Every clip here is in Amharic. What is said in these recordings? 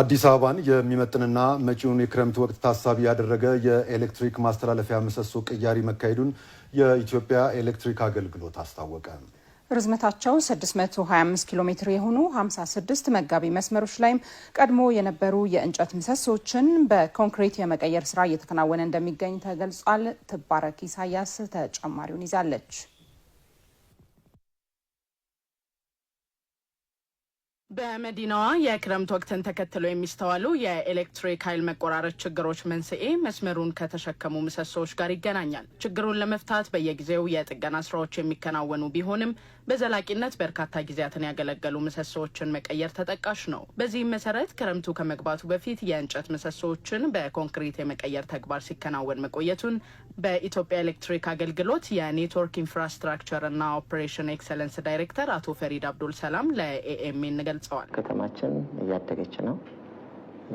አዲስ አበባን የሚመጥንና መጪውን የክረምት ወቅት ታሳቢ ያደረገ የኤሌክትሪክ ማስተላለፊያ ምሰሶ ቅያሪ መካሄዱን የኢትዮጵያ ኤሌክትሪክ አገልግሎት አስታወቀ። ርዝመታቸው 625 ኪሎ ሜትር የሆኑ 56 መጋቢ መስመሮች ላይም ቀድሞ የነበሩ የእንጨት ምሰሶችን በኮንክሪት የመቀየር ስራ እየተከናወነ እንደሚገኝ ተገልጿል። ትባረክ ኢሳያስ ተጨማሪውን ይዛለች። በመዲናዋ የክረምት ወቅትን ተከትሎ የሚስተዋሉ የኤሌክትሪክ ኃይል መቆራረጥ ችግሮች መንስኤ መስመሩን ከተሸከሙ ምሰሶዎች ጋር ይገናኛል። ችግሩን ለመፍታት በየጊዜው የጥገና ስራዎች የሚከናወኑ ቢሆንም በዘላቂነት በርካታ ጊዜያትን ያገለገሉ ምሰሶዎችን መቀየር ተጠቃሽ ነው። በዚህም መሰረት ክረምቱ ከመግባቱ በፊት የእንጨት ምሰሶዎችን በኮንክሪት የመቀየር ተግባር ሲከናወን መቆየቱን በኢትዮጵያ ኤሌክትሪክ አገልግሎት የኔትወርክ ኢንፍራስትራክቸር እና ኦፕሬሽን ኤክሰለንስ ዳይሬክተር አቶ ፈሪድ አብዱል ሰላም ለኤኤምኤ ገልጸዋል። ከተማችን እያደገች ነው።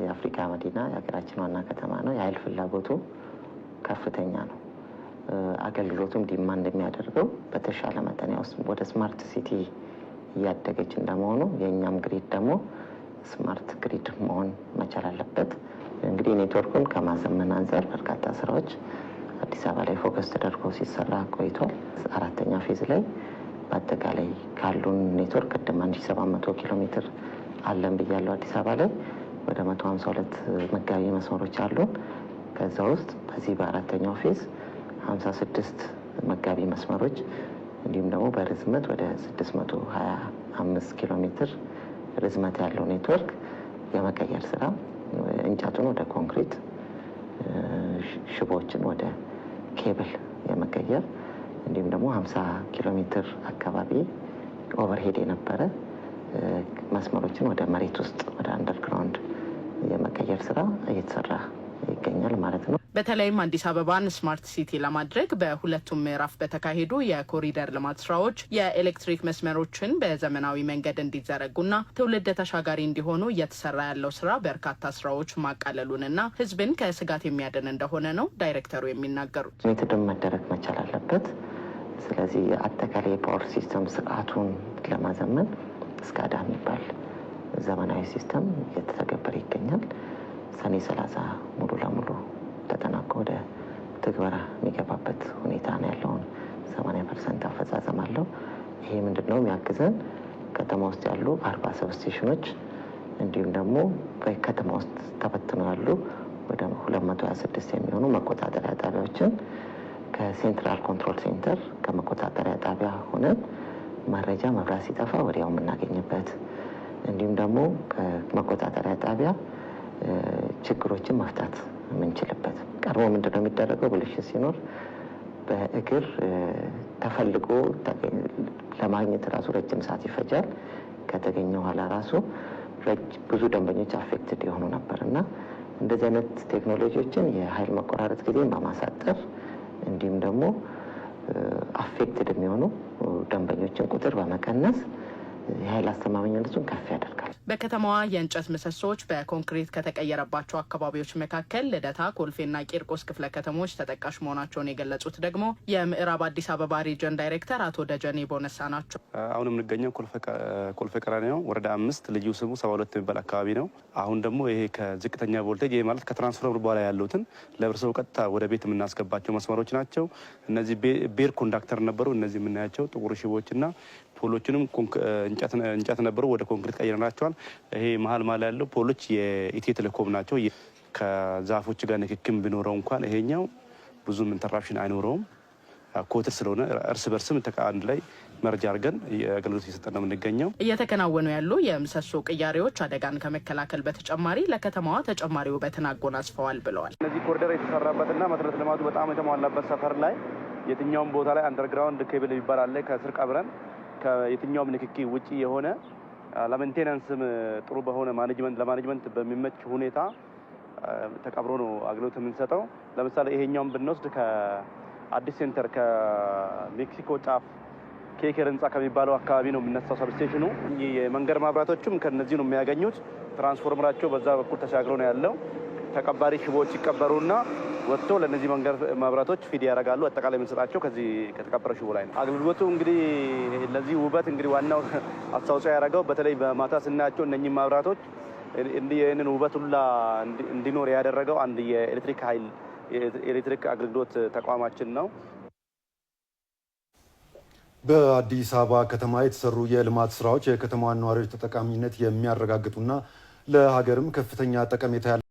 የአፍሪካ መዲና፣ የሀገራችን ዋና ከተማ ነው። የኃይል ፍላጎቱ ከፍተኛ ነው። አገልግሎቱም ዲማንድ እንደሚያደርገው በተሻለ መጠን ያው ወደ ስማርት ሲቲ እያደገች እንደመሆኑ የእኛም ግሪድ ደግሞ ስማርት ግሪድ መሆን መቻል አለበት። እንግዲህ ኔትወርኩን ከማዘመን አንጻር በርካታ ስራዎች አዲስ አበባ ላይ ፎከስ ተደርጎ ሲሰራ ቆይቷል። አራተኛ ፌዝ ላይ በአጠቃላይ ካሉን ኔትወርክ ቅድም 1700 ኪሎ ሜትር አለን ብያለው። አዲስ አበባ ላይ ወደ 152 መጋቢ መስመሮች አሉን። ከዛ ውስጥ በዚህ በአራተኛው ፌዝ 56 መጋቢ መስመሮች እንዲሁም ደግሞ በርዝመት ወደ 625 ኪሎ ሜትር ርዝመት ያለው ኔትወርክ የመቀየር ስራ እንጨቱን ወደ ኮንክሪት ሽቦዎችን ወደ ኬብል የመቀየር እንዲሁም ደግሞ 50 ኪሎ ሜትር አካባቢ ኦቨርሄድ የነበረ መስመሮችን ወደ መሬት ውስጥ ወደ አንደርግራውንድ የመቀየር ስራ እየተሰራ ይገኛል ማለት ነው። በተለይም አዲስ አበባን ስማርት ሲቲ ለማድረግ በሁለቱም ምዕራፍ በተካሄዱ የኮሪደር ልማት ስራዎች የኤሌክትሪክ መስመሮችን በዘመናዊ መንገድ እንዲዘረጉና ትውልድ ተሻጋሪ እንዲሆኑ እየተሰራ ያለው ስራ በርካታ ስራዎች ማቃለሉንና ሕዝብን ከስጋት የሚያድን እንደሆነ ነው ዳይሬክተሩ የሚናገሩት። ሜትድም መደረግ መቻል አለበት። ስለዚህ አጠቃላይ የፓወር ሲስተም ስርዓቱን ለማዘመን እስካዳ የሚባል ዘመናዊ ሲስተም እየተተገበረ ይገኛል። ሰኔ ሰላሳ ሙሉ ለሙሉ ተጠናቆ ወደ ትግበራ የሚገባበት ሁኔታ ነው ያለውን ሰማንያ ፐርሰንት አፈጻጸም አለው። ይሄ ምንድን ነው የሚያግዘን ከተማ ውስጥ ያሉ አርባ ሰብስቴሽኖች እንዲሁም ደግሞ በከተማ ውስጥ ተበትነው ያሉ ወደ 226 የሚሆኑ መቆጣጠሪያ ጣቢያዎችን ከሴንትራል ኮንትሮል ሴንተር ከመቆጣጠሪያ ጣቢያ ሆነን መረጃ መብራት ሲጠፋ ወዲያው የምናገኝበት እንዲሁም ደግሞ ከመቆጣጠሪያ ጣቢያ ችግሮችን መፍታት የምንችልበት ቀድሞ ምንድነው የሚደረገው? ብልሽት ሲኖር በእግር ተፈልጎ ለማግኘት ራሱ ረጅም ሰዓት ይፈጃል። ከተገኘ ኋላ ራሱ ብዙ ደንበኞች አፌክትድ የሆኑ ነበር እና እንደዚህ አይነት ቴክኖሎጂዎችን የኃይል መቆራረጥ ጊዜ በማሳጠር እንዲሁም ደግሞ አፌክትድ የሚሆኑ ደንበኞችን ቁጥር በመቀነስ የኃይል አስተማማኝነቱን ከፍ ያደርጋል። ተናግረዋል። በከተማዋ የእንጨት ምሰሶች በኮንክሪት ከተቀየረባቸው አካባቢዎች መካከል ልደታ፣ ኮልፌና ቂርቆስ ክፍለ ከተሞች ተጠቃሽ መሆናቸውን የገለጹት ደግሞ የምዕራብ አዲስ አበባ ሪጅን ዳይሬክተር አቶ ደጀኔ ቦነሳ ናቸው። አሁን የምንገኘው ኮልፌ ቀራኒዮ ወረዳ አምስት ልዩ ስሙ ሰባ ሁለት የሚባል አካባቢ ነው። አሁን ደግሞ ይሄ ከዝቅተኛ ቮልቴጅ ይህ ማለት ከትራንስፎርመር በኋላ ያሉትን ለህብረተሰቡ ቀጥታ ወደ ቤት የምናስገባቸው መስመሮች ናቸው። እነዚህ ቤር ኮንዳክተር ነበሩ። እነዚህ የምናያቸው ጥቁር ሽቦችና ፖሎችንም እንጨት ነበሩ፣ ወደ ኮንክሪት ቀይረናቸዋል። ይሄ መሀል ማል ያለው ፖሎች የኢትዮ ቴሌኮም ናቸው። ከዛፎች ጋር ንክክም ቢኖረው እንኳን ይሄኛው ብዙም ኢንተራፕሽን አይኖረውም። ኮትር ስለሆነ እርስ በርስም አንድ ላይ መረጃ አድርገን አገልግሎት እየሰጠ ነው የምንገኘው። እየተከናወኑ ያሉ የምሰሶ ቅያሬዎች አደጋን ከመከላከል በተጨማሪ ለከተማዋ ተጨማሪ ውበትን አጎናጽፈዋል ብለዋል። እነዚህ ኮሪደር የተሰራበትና መሰረተ ልማቱ በጣም የተሟላበት ሰፈር ላይ የትኛውም ቦታ ላይ አንደርግራውንድ ኬብል የሚባል አለ ከስር ቀብረን ከየትኛውም ንክኪ ውጪ የሆነ ለሜንቴናንስም ጥሩ በሆነ ማኔጅመንት ለማኔጅመንት በሚመች ሁኔታ ተቀብሮ ነው አገልግሎት የምንሰጠው። ለምሳሌ ይሄኛውን ብንወስድ ከአዲስ ሴንተር ከሜክሲኮ ጫፍ ኬኬር ህንፃ ከሚባለው አካባቢ ነው የሚነሳው ሰብስቴሽኑ። የመንገድ ማብራቶችም ከነዚህ ነው የሚያገኙት። ትራንስፎርመራቸው በዛ በኩል ተሻግሮ ነው ያለው። ተቀባሪ ሽቦዎች ይቀበሩና ወጥቶ ለእነዚህ መንገድ መብራቶች ፊድ ያደርጋሉ። አጠቃላይ የምንሰጣቸው ከዚህ ከተቀበረ ሽቦ ላይ ነው። አገልግሎቱ እንግዲህ ለዚህ ውበት እንግዲህ ዋናው አስተዋጽኦ ያደረገው በተለይ በማታ ስናያቸው እነኚህ መብራቶች ይህንን ውበት ሁላ እንዲኖር ያደረገው አንድ የኤሌክትሪክ ኃይል የኤሌክትሪክ አገልግሎት ተቋማችን ነው። በአዲስ አበባ ከተማ የተሰሩ የልማት ስራዎች የከተማዋን ነዋሪዎች ተጠቃሚነት የሚያረጋግጡና ለሀገርም ከፍተኛ ጠቀሜታ ያለ